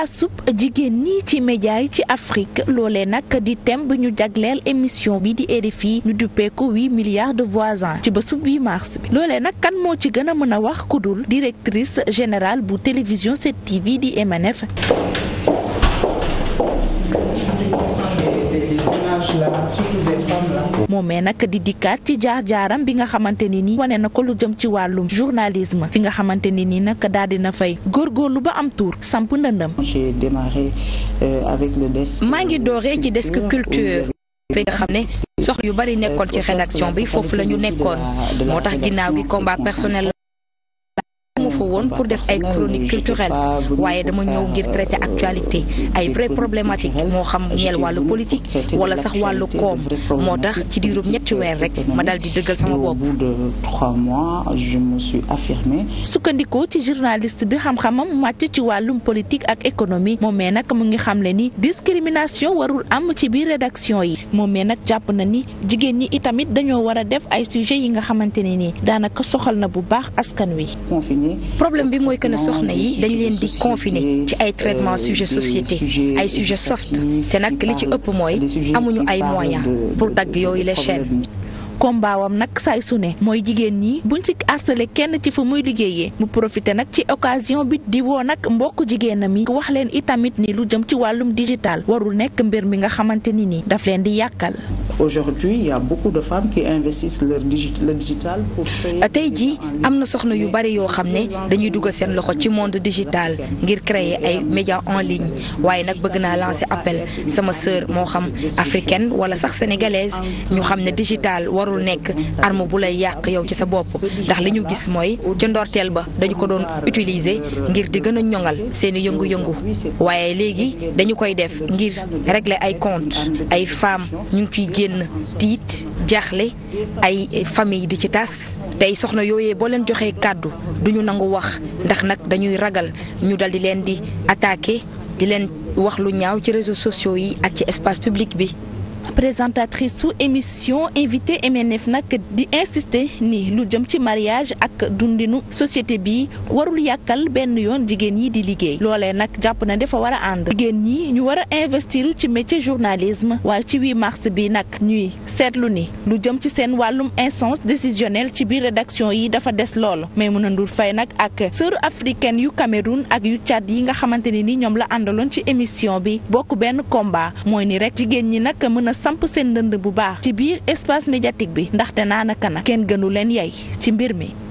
palaasub jigéen ñi ci média yi ci Afrique loole nag di thème bi ñu jagleel émission bi di RFI ñu duppeeku ko huit milliards de voisins ci bésub 8 mars bi loolee nag kan moo ci gën a mën a wax ku dul directrice générale bu télévision 7TV di MNF âge là surtout moomee nag di dikkaat ci jaar-jaaram bi nga xamante ni nii wane na ko lu jëm ci wàllum journalisme fi nga xamante ni nii nag daal dina fay góorgóorlu ba am tuur samp ndëndam. Euh, euh, maa ngi dooree ci desk culture. bi nga xam ne soxla yu bari nekkoon ci euh, rédaction bi foofu lañu ñu nekkoon moo tax ginnaaw gi combat personnel fa woon pour def ay chronique culturelle waaye dama ñëw ngir traiter actualité ay vraie problématique moo xam ñeel wàllu politique wala sax wàllu koom moo tax ci diirub ñetti weer rek ma dal di dëggal sama bopp. sukkandiku ci journaliste bi xam-xamam màcc ci wàllum politique ak économie moom mee nag mu ngi xamle ni discrimination warul am ci biir rédaction yi moom mee nag jàpp na ni jigéen ñi itamit dañoo war a def ay sujets yi nga xamante ne nii daanaka soxal na bu baax askan wi. problème bi mooy que ne soxna yi dañu leen di confiner ci ay traitement euh, sujet société ay sujet soft te nag li ci ëpp mooy amuñu ay moyens pour dagg yooyu les chaînes kombaawam nag saay su ne mooy jigéen ñi buñ si harcelé kenn ci fa muy liggéeyee mu profité nag ci occasion bi di woo nag mbokk jigéenam yi wax leen itamit ni lu jëm ci wàllum digital warul nekk mbir mi nga xamante ni nii daf leen di yàkkal aujourd'hui il y a tey jii am na soxna yu bari yoo xam ne dañuy dugal seen loxo ci monde digital ngir créer ay médias en ligne waaye nag bëgg naa lancer appel sama sœur moo xam africaine wala sax sénégalaise ñu xam ne digital warul nekk arme bu lay yàq yow ci sa bopp ndax li ñu gis mooy ca ndorteel ba dañu ko doon utiliser ngir di gën a ñoŋal seen i yëngu-yëngu waaye léegi dañu koy def ngir régler ay compte ay femmes ñu ngi ciy génn tiit jaaxle ay famille di ci tas tey soxna yooye boo leen joxee kàddu duñu nangu wax ndax nag dañuy ragal ñu dal di leen di attaqué di leen wax lu ñaaw ci réseau sociaux yi ak ci espace public bi présentatrice su émission invité MNF nag di insister ni lu jëm ci mariage ak dundinu société bi warul yàkkal benn yoon jigéen ñi di liggéey loolee nag jàpp na dafa war a ànd jigéen ñi ñu war a investir ci métier journalisme waaye ci 8 mars bi nag ñuy seetlu ni lu jëm ci seen wàllum instance décisionnelle ci biir rédaction yi dafa des lool Maïmouna Ndour Faye nag ak sœur africaine yu Cameroun ak yu Tchad yi nga xamante ne ni ñoom la àndaloon ci émission bi bokk benn combat a samp seen ndënd bu baax ci biir espace médiatique bi ndaxte naanaka na kenn gënu leen yey ci mbir mi.